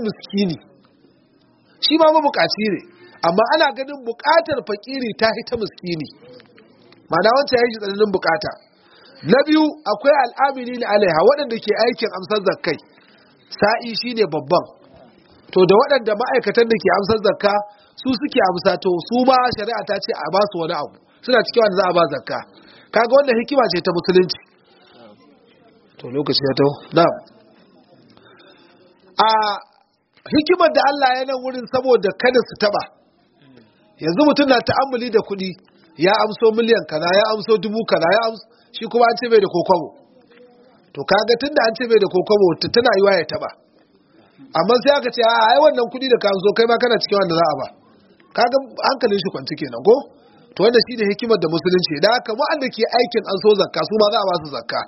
miskini shi ma mabukaci ne amma ana ganin bukatar fakiri ta hita miskini ma'ana wancan ya yi tsananin bukata na biyu akwai al'amini na alaiha waɗanda ke aikin amsar zakkai sa'i shi ne babban to da waɗanda ma'aikatan da ke amsar zakka su suke amsa to su ma shari'a ta ce a ba su wani abu suna cikin wanda za a ba zakka kaga wanda hikima ce ta musulunci to lokaci ya taho na a hikimar da Allah ya nan wurin saboda kada su taba yanzu mutum na ta'ammuli da kuɗi ya amso miliyan kana ya amso dubu kana ya amso shi kuma an ce bai da kokobo to kaga da an ce bai da kokobo tana yiwa ya taba amma sai aka ce a ai wannan kuɗi da ka amso kai ma kana cikin wanda za a ba kaga hankalin shi kwanci kenan ko to wanda shi da hikimar da musulunci da haka wanda ke aikin an so zakka su ma za a ba su zakka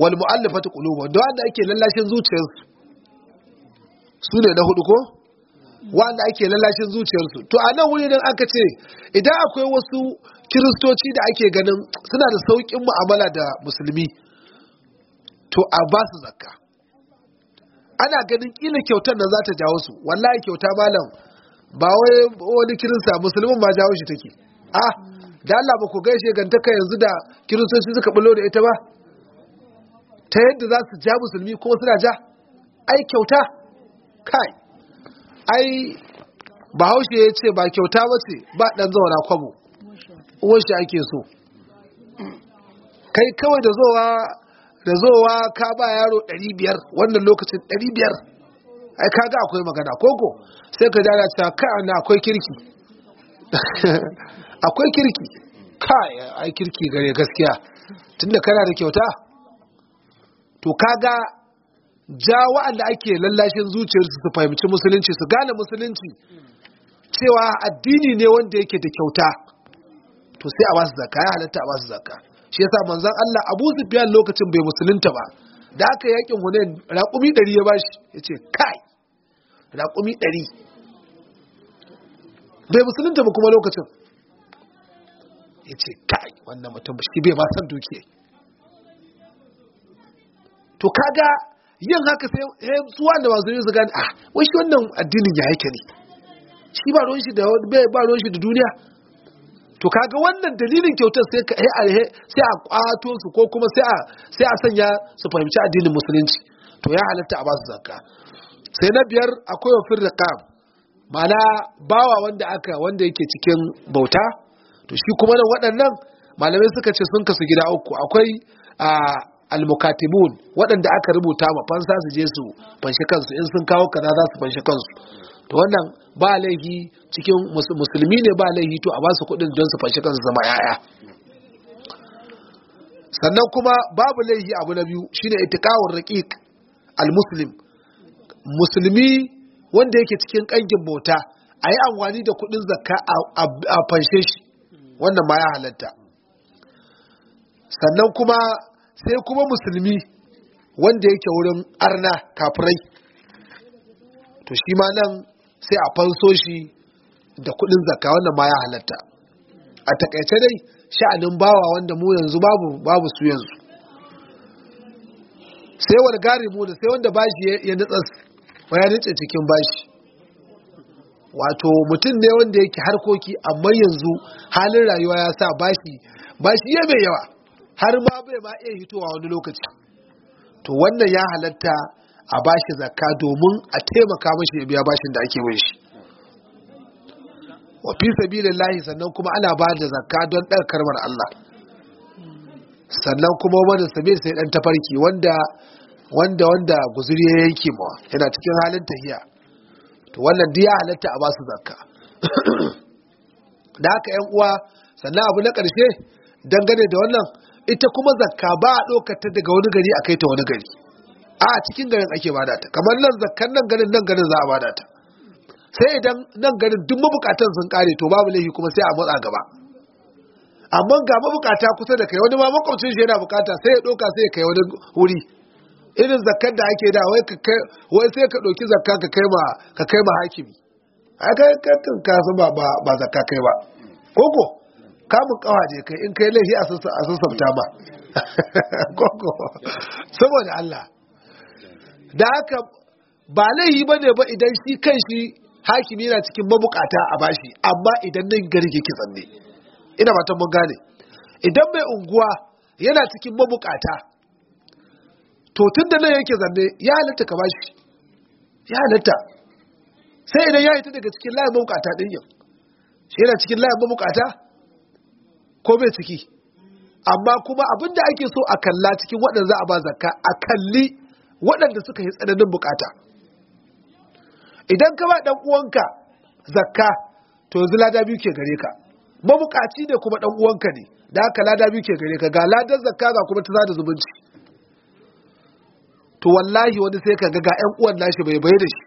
wal mu'allafatu qulubuhum da wanda ake lallashin zuciyarsu su ne na hudu ko wanda ake lalashin zuciyarsu to a nan wuri don aka ce idan akwai wasu kiristoci da ake ganin suna da saukin mu'amala da musulmi to a ba su zakka ana ganin kila kyautar na za ta jawo su wallahi kyauta malam ba wai wani kirista musulmin ma jawo shi take ah da Allah ba ku gaishe gantaka yanzu da kiristoci suka bulo da ita ba ta yadda za su ja musulmi ko suna ja ai kyauta kai ai bahaushe ya ce ba kyauta ba ba ɗan zaura kwabo uwarshi ake so kai kawai da zowa da zowa ka ba yaro 500 wannan lokacin 500 ai kaga akwai magana koko sai ka dara cewa kai na akwai kirki akwai kirki kai ai kirki gare gaskiya tunda kana da kyauta to kaga ja wa'anda ake lallashin zuciyarsu su fahimci musulunci su gane musulunci cewa addini ne wanda yake da kyauta to sai a basu zaka ya halatta a basu zaka shi yasa manzon Allah Abu Sufyan lokacin bai musulunta ba da aka yakin Hunain raƙumi 100 ya bashi yace kai raƙumi 100 bai musulunta ba kuma lokacin yace kai wannan mutum shi bai ma san dukiya to kaga yin haka sai su wanda ba su su gane a ah, wasu wannan addinin ya yake ne shi ba ruwan shi da ba ruwan shi da duniya to kaga wannan dalilin kyautar sai ka sai a kwato su ko kuma sai a sanya su fahimci addinin musulunci to ya halatta a basu su sai na biyar akwai wa kam ma'ana bawa wanda aka wanda yake cikin bauta to shi kuma nan waɗannan malamai suka ce sun kasu gida uku akwai ah, almukatibun waɗanda aka rubuta ma fansa su je su fanshi kansu in sun kawo kaza za su fanshi kansu to wannan ba laifi cikin musulmi ne ba laifi to a ba su kuɗin don su fanshi kansu zama yaya sannan kuma babu laifi abu na biyu shine itikawar raqiq almuslim musulmi wanda yake cikin kangin bauta ayi yi amfani da kuɗin zakka a fanshe shi wannan ma ya halatta sannan kuma sai kuma musulmi wanda yake wurin arna kafirai to shi ma nan sai a fanso shi da kudin zakka wannan ma ya halatta a takaice dai sha'anin bawa wanda mu yanzu babu babu su yanzu sai wani gari mu da sai wanda bashi ya nutsa ya nutsa cikin bashi wato mutum ne wanda yake harkoki amma yanzu halin rayuwa ya sa bashi bashi ya mai yawa har ma bai ma iya hitowa wani lokaci to wannan ya halatta a bashi zakka domin a taimaka mashi ya biya bashin da ake bin shi wa fi sabilillahi sannan kuma ana ba da zakka don ɗan karmar Allah sannan kuma wani sabil sai ɗan tafarki wanda wanda wanda guzuri ya yanke mawa yana cikin halin tahiya to wannan diya halatta a ba su zakka da haka yan uwa sannan abu na ƙarshe dangane da wannan ita kuma zakka ba a ɗaukata daga wani gari a kai ta wani gari a cikin garin ake bada ta kamar nan zakkan nan garin nan garin za a bada ta sai idan nan garin duk mabukatan sun kare to babu laifi kuma sai a matsa gaba amma ga mabukata kusa da kai wani ma makwabcin shi yana bukata sai ya ɗauka sai ya kai wani wuri irin zakkan da ake da wai wai sai ka ɗauki zakka ka kai ma ka kai ma hakimi a kai ka ba ba zakka kai ba koko kamun je kai in kai laifi a sabta ba koko saboda Allah da haka ba laifi ba ne ba idan shi kan shi hakimi yana cikin mabukata a bashi amma idan nan gari ke kitsan ne ina fatan mun gane idan mai unguwa yana cikin mabukata to tun da nan yake zanne ya halatta ka bashi ya halatta sai idan ya hita daga cikin layin mabukata din yau shi yana cikin layin mabukata ko bai ciki amma kuma abin da ake so a kalla cikin waɗanda za a ba zakka a kalli waɗanda suka yi tsananin bukata idan ka ba ɗan uwanka zakka to yanzu lada biyu ke gare ka mabukaci ne kuma ɗan uwanka ne da haka lada biyu ke gare ka ga ladan zakka ga kuma ta zada zumunci to wallahi wani sai ka ga ga ƴan uwan nashi bai bai da shi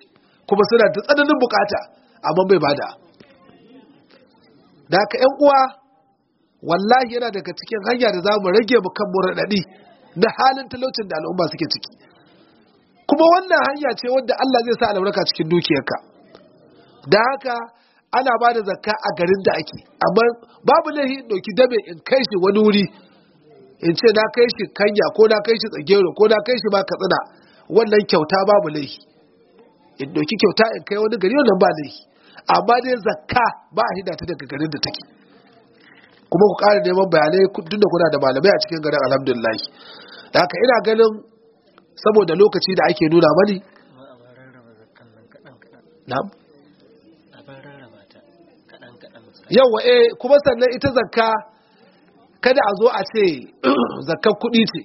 kuma suna da tsananin bukata amma bai bada da haka ƴan uwa wallahi yana daga cikin hanya da za mu rage mu kan raɗaɗi na halin talaucin da al'umma suke ciki kuma wannan hanya ce wadda Allah zai sa albarka cikin dukiyarka da haka ana ba da zakka a garin da ake amma babu laifi in ɗauki dabe in kai shi wani wuri in ce na kai shi kanya ko na kai shi tsagero ko na kai shi ma katsina wannan kyauta babu laifi in ɗauki kyauta in kai wani gari wannan ba laifi amma dai zakka ba a hida ta daga garin da take kuma ku ƙara neman bayanai duk da kuna da malamai a cikin garin alhamdulillah da haka ina ganin saboda lokaci da ake nuna mani Yau eh kuma sannan ita zakka kada a zo a ce zakkar kuɗi ce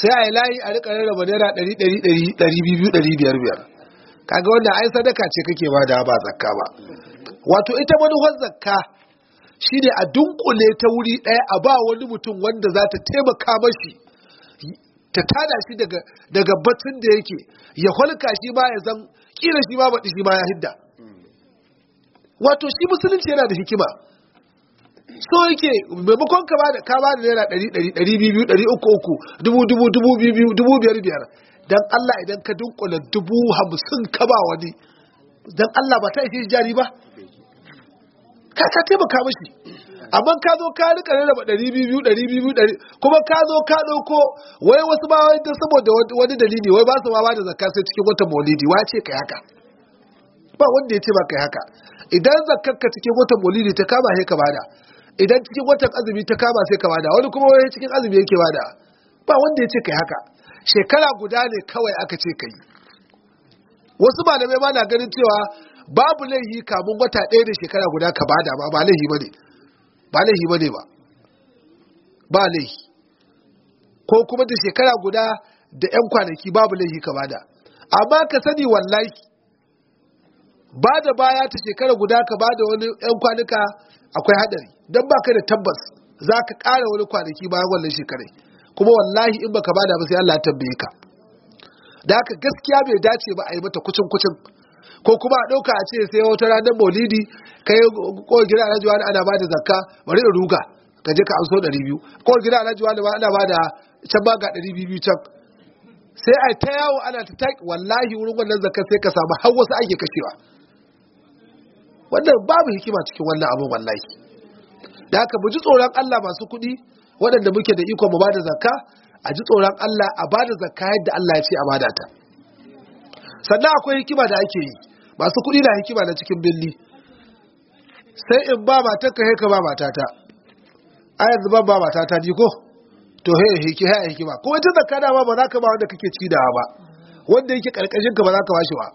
sai a yi layi a rika rarraba naira ɗari ɗari ɗari ɗari biyu ɗari biyar biyar kaga wannan ai sadaka ce kake ba da ba zakka ba wato ita manuhar zakka shi ne a dunkule ta wuri ɗaya a ba wani mutum wanda za ta taimaka mashi ta tada shi daga batun da yake ya holka shi ma ya zan kila shi ma baɗi shi ma ya hidda wato shi musulunci yana da hikima so yake maimakon ka bada ka bada naira ɗari ɗari ɗari biyu biyu ɗari uku uku dubu dubu dubu biyu biyu dubu biyar biyar dan Allah idan ka dunkula dubu hamsin ka ba wani dan Allah ba ta ishe jari ba ka ka taimaka mashi amma ka zo ka rika rarraba ɗari biyu ɗari biyu ɗari kuma ka zo ka ɗauko wai wasu ba wai don saboda wani dalili wai ba su ba da zakka sai cikin watan maulidi wa ce kai haka ba wanda ya ce ba kai haka idan zakkar ka cikin watan maulidi ta kama sai ka bada idan cikin watan azumi ta kama sai ka bada wani kuma wai cikin azumi yake bada ba wanda ya ce kai haka shekara guda ne kawai aka ce kai wasu malamai ba na ganin cewa babu laihi kamun wata ɗaya da shekara guda ka ba da ba ba laihi ne ba laihi ne ba ba laihi ko kuma da shekara guda da ƴan kwanaki babu laihi ka ba da. amma ka sani wallahi ba da baya ta shekara guda ka ba da wani ƴan kwanuka akwai hadari don baka da tabbas za ka ƙara wani kwanaki bayan wannan shekarai kuma wallahi in ba ka ba sai Allah ya tambaye ka da haka gaskiya bai dace ba a yi mata kucin kucin ko kuma a ɗauka a ce sai wata ranar maulidi yi kowar gida alhaji wani ana ba da zakka bari da ruga ka je ka amso ɗari biyu kowar gida alhaji wani ana ba da can ba ga ɗari biyu can sai a ta yawo ana ta ta wallahi wurin wannan zakka sai ka samu har wasu ake kashewa wannan babu hikima cikin wannan abin wallahi da haka mu ji tsoron Allah masu kuɗi waɗanda muke da iko mu ba da zakka a ji tsoron Allah a ba da zakka yadda Allah ya ce a bada ta sannan akwai hikima da ake yi masu kuɗi na hikima na cikin birni sai in ba ka haika ba matata a yanzu ban ba matata ni ko to haya hiki haya hikima kuma ita zakka dama ba za ka ba wanda kake ci dawa ba wanda yake karkashin ka ba za ka bashi ba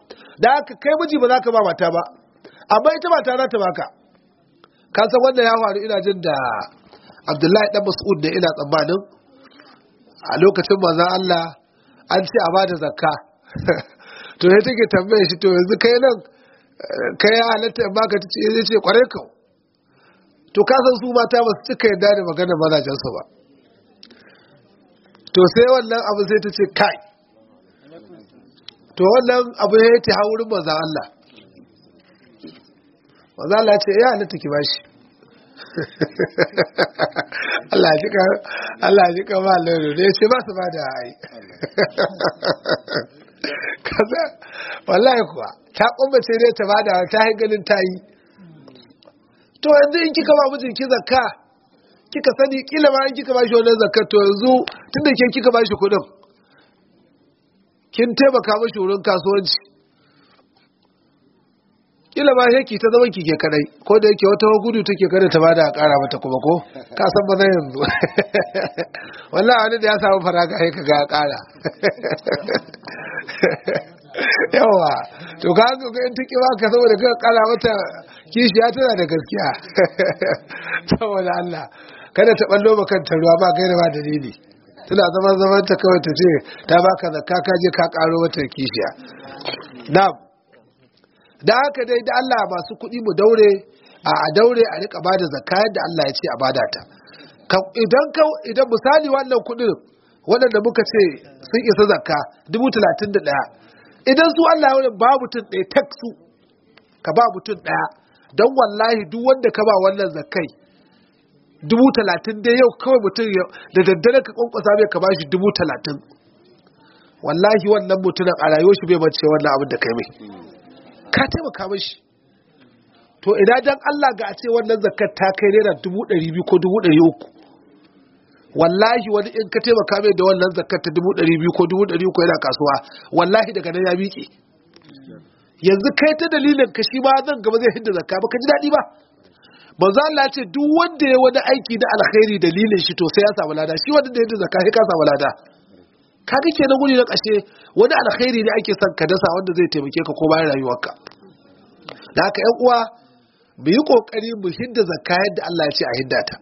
da haka kai miji ba za ka ba mata ba amma ita mata za ta baka ka san wanda ya faru ina jin da Abdullahi dan Mas'ud da ina tsammanin a lokacin manzon Allah an ce a bada zakka to ya take tambaye shi to yanzu kai nan kai ya halatta ba ka ta ce ya eh, ce kwarai ka to ka san su mata ba su cika yadda da magana su ba to sai wannan abu sai ta ce kai to wannan abu ya ta hauri maza Allah maza Allah ce eh, ya halatta ki bashi Allah ji ka Allah ji ka ba lalo ne ce ba su ba da ai kaza wallahi kuwa ta kumbace dai ta bada ta yi ganin ta yi to yanzu in kika ba ki zakka kika sani kila ma in kika ba shi wannan zakka to yanzu tunda ke kika ba shi kuɗin kin taimaka mashi wurin kasuwanci kila ma sai ki ta zaman ki ke kadai ko da yake wata gudu take kada ta bada kara mata kuma ko ka san ba zai yanzu wallahi wani da ya samu faraga sai kaga kara yawa to ka ga in take ba ka saboda ka kara mata kishiya tana da gaskiya saboda Allah kada ta ballo ba kanta ruwa ba gaira ba dalili tana zaman zaman ta kawai ta ce ta baka zakka ka je ka karo mata kishiya na'am da haka dai da Allah masu kuɗi mu daure a daure a rika ba da zakka yadda Allah ya ce a bada ta idan ka idan misali wannan kuɗin waɗanda muka ce sun isa zakka dubu talatin da ɗaya idan su Allah ya ba mutum ɗaya tak su ka ba mutum ɗaya don wallahi duk wanda ka ba wannan zakkai dubu talatin dai yau kawai mutum da daddare ka ƙwanƙwasa mai ka ba shi dubu talatin wallahi wannan mutumin a rayuwar shi bai mace wannan abin da kai mai ka taimaka mashi to idan dan Allah ga a ce wannan zakar ta kai naira dubu ɗari ko dubu wallahi wani in ka taimaka mai da wannan zakar ta dubu ɗari biyu ko yana kasuwa wallahi daga nan ya miƙe yanzu kai ta dalilin ka shi ba zan gaba zai hidda zakka ba ka ji daɗi ba manzo Allah ce duk wanda ya wani aiki na alkhairi dalilin shi to sai ya samu lada shi wanda ya yadda zakka sai ka samu lada kaga ke na guri na kashe wani alkhairi ne ake son ka dasa wanda zai taimake ka ko bayan rayuwarka da haka ƴan uwa mu yi kokari mu hidda zakka yadda Allah ya ce a hidda ta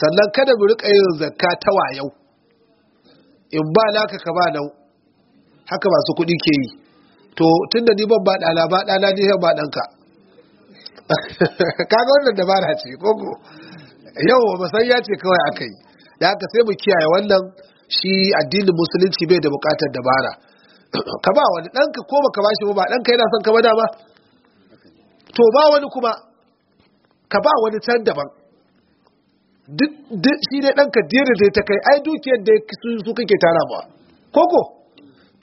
sannan kada mu rika yin zakka ta wayau in ba naka ka ba nau haka masu kuɗi ke yi to tunda ni ban ba ɗana ba ɗana ni ba ɗanka kaga wannan dabara ce koko yau ba san ya ce kawai akai yi da haka sai mu kiyaye wannan shi addinin musulunci bai da bukatar dabara ka ba wani ɗanka ko baka ba shi ba ɗanka yana son ka ba dama to ba wani kuma ka ba wani can daban shi ne ɗanka dira da ta kai ai dukiyar da su kake tara ba koko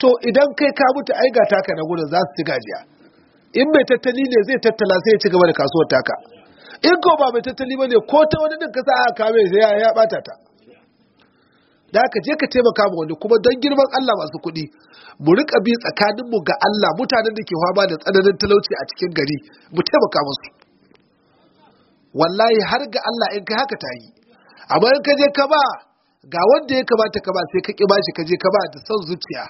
to idan kai ka mutu ai ga taka na gudun za su ci gajiya in mai tattali ne zai tattala sai ya ci gaba da kasuwar taka in ko ba mai tattali ba ne ko ta wani ɗin ka sa aka kame sai ya ɓata ta da aka je ka taimaka ma wani kuma don girman Allah masu kuɗi mu rika bi tsakanin mu ga Allah mutanen da ke fama da tsananin talauci a cikin gari mu taimaka musu wallahi har ga Allah in kai haka ta yi amma in ka je ka ba ga wanda ya kamata ka ba sai ka ki bashi ka je ka ba da son zuciya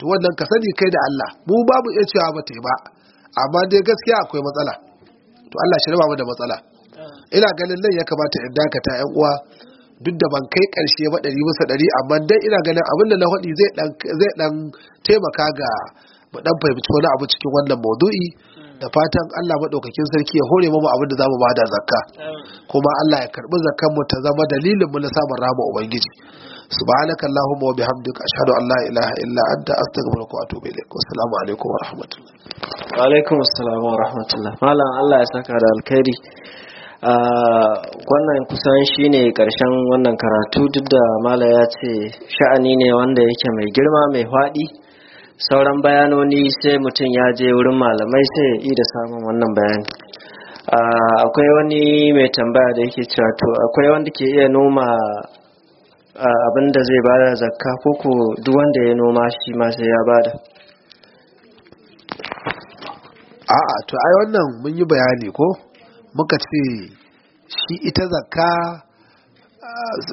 to wannan ka sani kai da Allah mu babu iya cewa ba ba amma dai gaskiya akwai matsala to Allah shi raba mu da matsala ina ganin nan ya kamata in dakata yan uwa duk da ban kai ƙarshe ba ɗari bisa ɗari amma dai ina ganin abin da na zai ɗan taimaka ga mu ɗan fahimci wani abu cikin wannan maudu'i hmm. da fatan Allah maɗaukakin sarki ya hore mu abin da za mu bada zakka kuma Allah ya karɓi zakkan mu ta zama dalilin mu na samun rama ubangiji subhanaka allahumma wa bihamdika ashhadu an la ilaha illa anta astaghfiruka wa atubu ilaik wassalamu alaikum wa rahmatullah wa alaikum assalam wa rahmatullahi malam Allah ya saka da alkhairi wannan kusan shi ne ƙarshen wannan karatu duk da mala ya ce sha'ani ne wanda yake mai girma mai faɗi sauran bayanoni sai mutum ya je wurin malamai sai yi da samun wannan bayani akwai wani mai tambaya da yake cewa to akwai wanda ke iya noma abin da zai bada zakka ko duk wanda ya noma shi ma sai ya bada a'a to ai wannan mun yi bayani ko muka ce shi ita zakka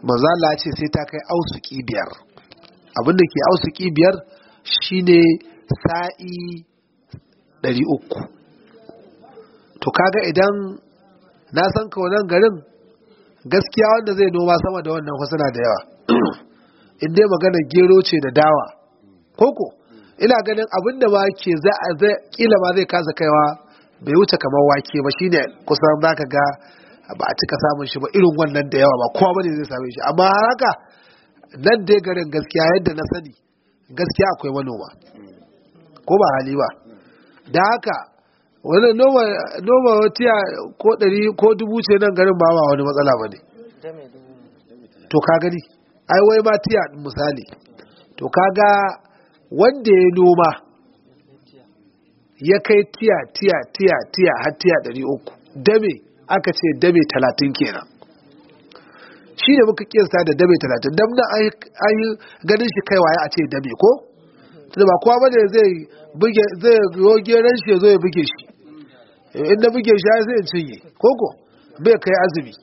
mazala ce sai ta kai ausuki biyar abinda ke ausuki biyar shine sa'i ɗari uku to kaga idan na san ka wannan garin gaskiya wanda zai noma sama da wannan kwasana da yawa in magana gero ce da dawa koko ina ganin abinda ma ke za a kila ma zai kasa kaiwa bai wuce kamar wake ba shine kusan za ka ga ba a cika samun shi ba irin wannan da yawa ba kowa bane zai same shi amma haka nan dai garin gaskiya yadda na sani gaskiya akwai manoma ko ba hali ba da haka wani noma tiya ko ɗari ko dubu ce nan garin ba wani matsala ba ne to ka gani ai wai ma tiya misali to ka ga wanda ya noma ya kai tiya tiya tiya tiya har tiya ɗari uku dabe aka ce dabe talatin kenan shi ne muka kiyasta da dabe talatin dam na an yi ganin shi kaiwa ya a ce dabe ko tunda ba kowa bane zai buge zai yoge ran shi zo ya buge shi in na buge shi sai in cinye koko bai kai azumi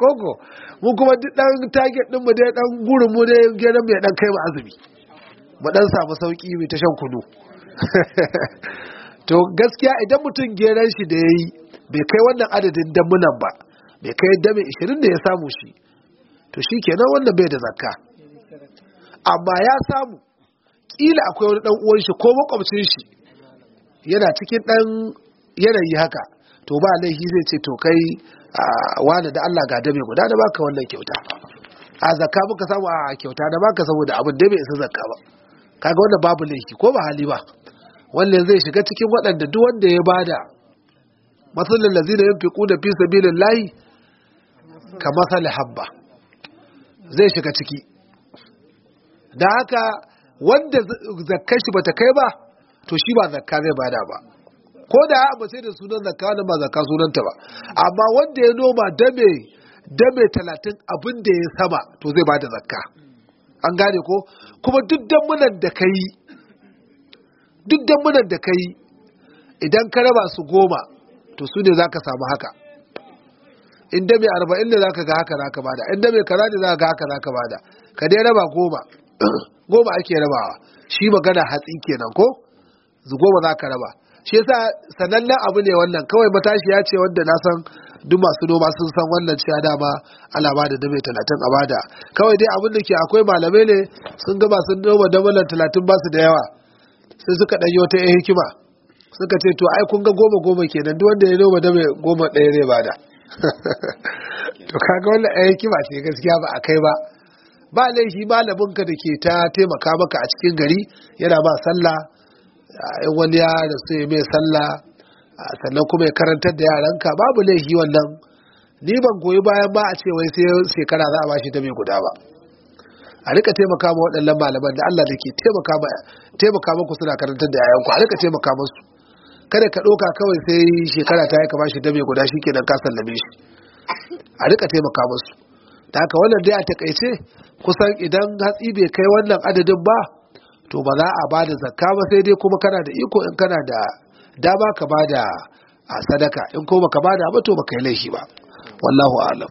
koko mu kuma duk dan target din mu dai dan gurin mu dai geran ya dan kai mu azumi mu dan samu sauki mu ta shan kudu to gaskiya idan mutum geran shi da ya yi bai kai wannan adadin damunan ba bai kai damin ishirin da ya samu shi to shi kenan wanda bai da zakka amma ya samu ƙila akwai wani dan uwan shi ko makwabcin shi yana cikin ɗan yanayi haka to ba laifi zai ce to kai wani da Allah ga dame guda da baka wannan kyauta a zakka muka samu a kyauta da baka saboda abin da bai isa zakka ba kaga wannan babu laifi ko ba hali ba wanda zai shiga cikin waɗanda duk wanda ya bada masalin lazina yin da fi sabilin layi ka masalin habba zai shiga ciki da haka wanda zakkan shi bata kai ba to shi ba zakka zai bada ba ko da ba sai da sunan zakka wannan ba zakka sunanta ba amma wanda ya noma dame dame talatin abin da ya sama to zai bada zakka an gane ko kuma duk damunan da ka yi duk dambunan da ka yi idan ka raba su goma to su ne za ka samu haka inda mai arba'in ne za ka ga haka za ka bada inda mai kaza ne za ka ga haka za ka bada ka dai raba goma goma ake rabawa shi magana hatsi kenan ko goma za ka raba shi yasa sanannen abu ne wannan kawai matashi ya ce wanda na san duk masu noma sun san wannan cewa dama alama da dame talatin a bada kawai dai abin da ke akwai malamai ne sun gaba sun noma damalan talatin ba su da yawa sai suka ɗanyi wata yan hikima suka ce to ai kun ga goma goma kenan duk wanda ya noma da goma ɗaya ba da to kaga wanda yan hikima ce gaskiya ba a kai ba ba laifi ka da ke ta taimaka maka a cikin gari yana ba sallah in wani ya su ya mai sallah sannan kuma ya karantar da yaran ka, babu laifi wannan ni ban goyi bayan ba a ce wai sai shekara za a bashi ta mai guda ba a rika taimaka ma waɗannan malaman da Allah da ke taimaka muku suna karantar da yayanku a rika taimaka musu kada ka ɗauka kawai sai shekara ta yi kama shi dame guda shi kenan ka sallame shi a rika taimaka musu ta haka wannan dai a takaice kusan idan hatsi bai kai wannan adadin ba to ba za a bada zakka ba sai dai kuma kana da iko in kana da dama ka bada a sadaka in kuma ka bada ba to ba kai laifi ba wallahu a'lam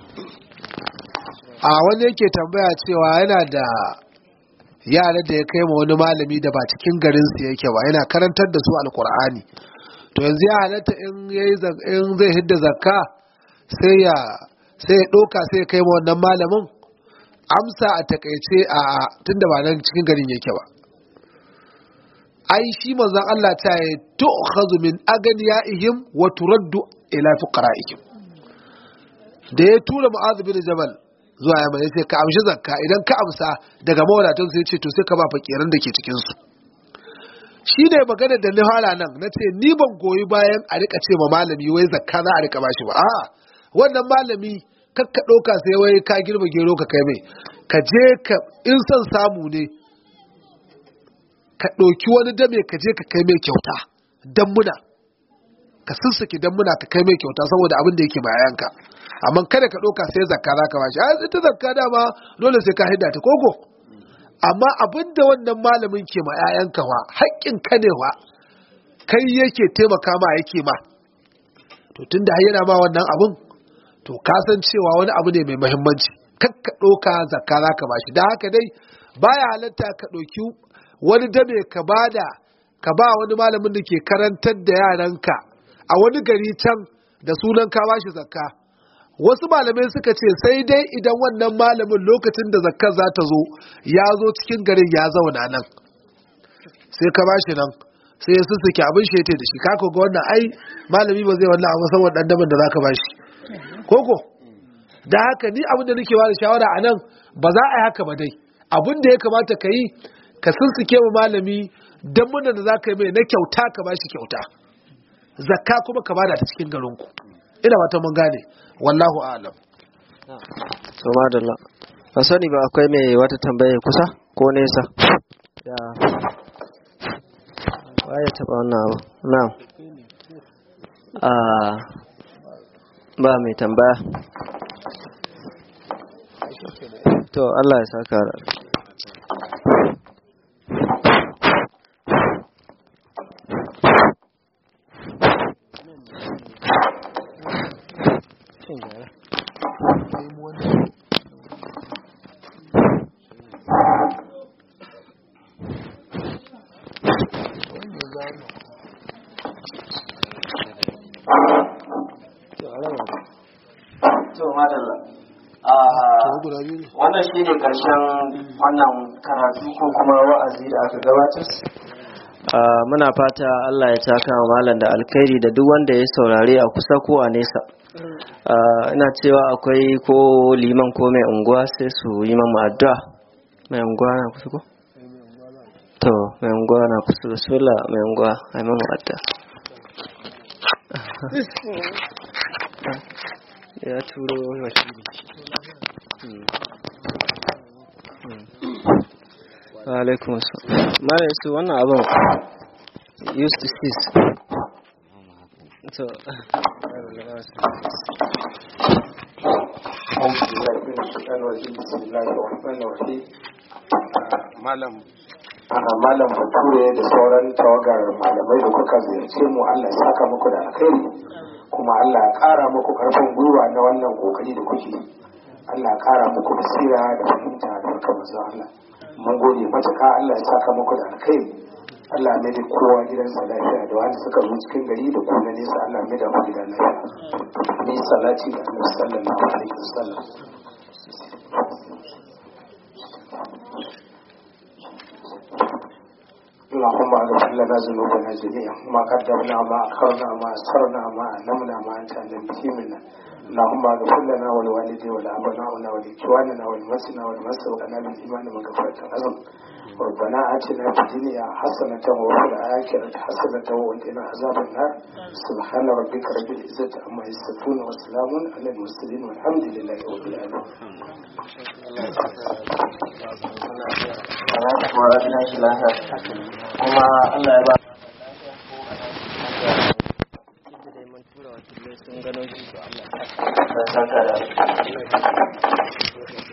a wani yake tambaya cewa yana da yara da ya kai ma wani malami da ba cikin garin su yake ba yana karantar da su alkur'ani to yanzu ya halatta in in zai hidda zakka sai ya sai ya doka sai ya kai ma wannan malamin amsa a takaice a tunda ba nan cikin garin yake ba ai shi manzon Allah ta yi khazu min aganiyaihim wa turaddu ila fuqara'ikum da ya tura mu'adh da jabal zuwa ya ya ce ka amshi zakka idan ka amsa daga mawadatun sai ce to sai ka ba fakirin da ke cikin su shi ne magana da ni fara nan na ce ni ban goyi bayan a rika ce ma malami wai zakka za a rika bashi ba a'a wannan malami kakka ɗauka sai wai ka girma gero ka kai mai ka je ka in son samu ne ka ɗauki wani dame ka je ka kai mai kyauta dan muna ka sussuke dan muna ka kai mai kyauta saboda abin da yake ka. amma kada ka ɗauka sai zakka za ka bashi a ita zakka dama dole sai ka hidda ta koko amma abin da wannan malamin ke ma 'ya'yanka wa haƙƙin ka ne wa kai yake taimaka ma yake ma to tun da yana ma wannan abun, to ka san cewa wani abu ne mai muhimmanci kakka ɗauka zakka za ka bashi da haka dai baya halatta ka ɗauki wani dame ka bada ka ba wani malamin da ke karantar da yaranka a wani gari can da sunan ka bashi zakka wasu malamai suka ce sai dai idan wannan malamin lokacin da zakka za ta zo ya zo cikin garin ya zauna nan sai ka ba shi nan sai ya sussuke abin shete da shi kaka ga wannan ai malami ba zai wannan a masan wannan damar da ka ba shi koko da haka ni abin da nake bada shawara a nan ba za a yi haka ba dai abin da ya kamata ka yi ka sussuke wa malami damar da za ka yi mai na kyauta ka ba shi kyauta zakka kuma ka bada ta cikin garinku ina wata mun gane wallahu a'lam to madalla ba sani ba akwai mai wata tambaye kusa ko nesa ya waye taba wannan abu na'am a ah, ba mai tambaya to Allah ya saka Ah, wannan shi ne wannan karatu ko kuma wa'azi da aka gabatar ah, muna fata Allah ya taka wa malam da alkhairi da duk wanda ya saurare a kusa ko a nesa ah, ina cewa akwai ko liman ko mai unguwa sai su yi mamu addu'a mai unguwa na kusa ko to mai unguwa na kusa da sula mai unguwa a yi mamu ya turo wani wakili hmm. Hmm. alaikum assalam mara yasu wannan abin used to cease to malam a malam bature da sauran tawagar malamai da kuka ziyarce mu allah saka muku da alkhairi kuma allah ya kara muku karfin gwiwa na wannan kokari da kuke allah ya kara muku basira da fahimta da barka masu allah mun gode matuka allah ya saka muku da alkhairi Allah mai da kowa gidansa lafiya da wani suka zo cikin gari da kuma na nesa Allah mai da gidan lafiya. Ni salati da Allah sallallahu alaihi wasallam. اللهم اغفر لنا ذنوبنا جميعا ما قدمنا ما اخرنا ما اسررنا ما علمنا ما انت اعلم به منا اللهم اغفر لنا ولوالدي ولابنائنا ولاخواننا والمسنا والمسوى لنا بالايمان وكفرت العظم ربنا آتنا في الدنيا حسنة وفي الآخرة حسنة وقنا عذاب النار سبحان ربك رب العزة عما يصفون وسلام على المرسلين والحمد لله رب العالمين. kuma Allah ya ba sun gano su Allah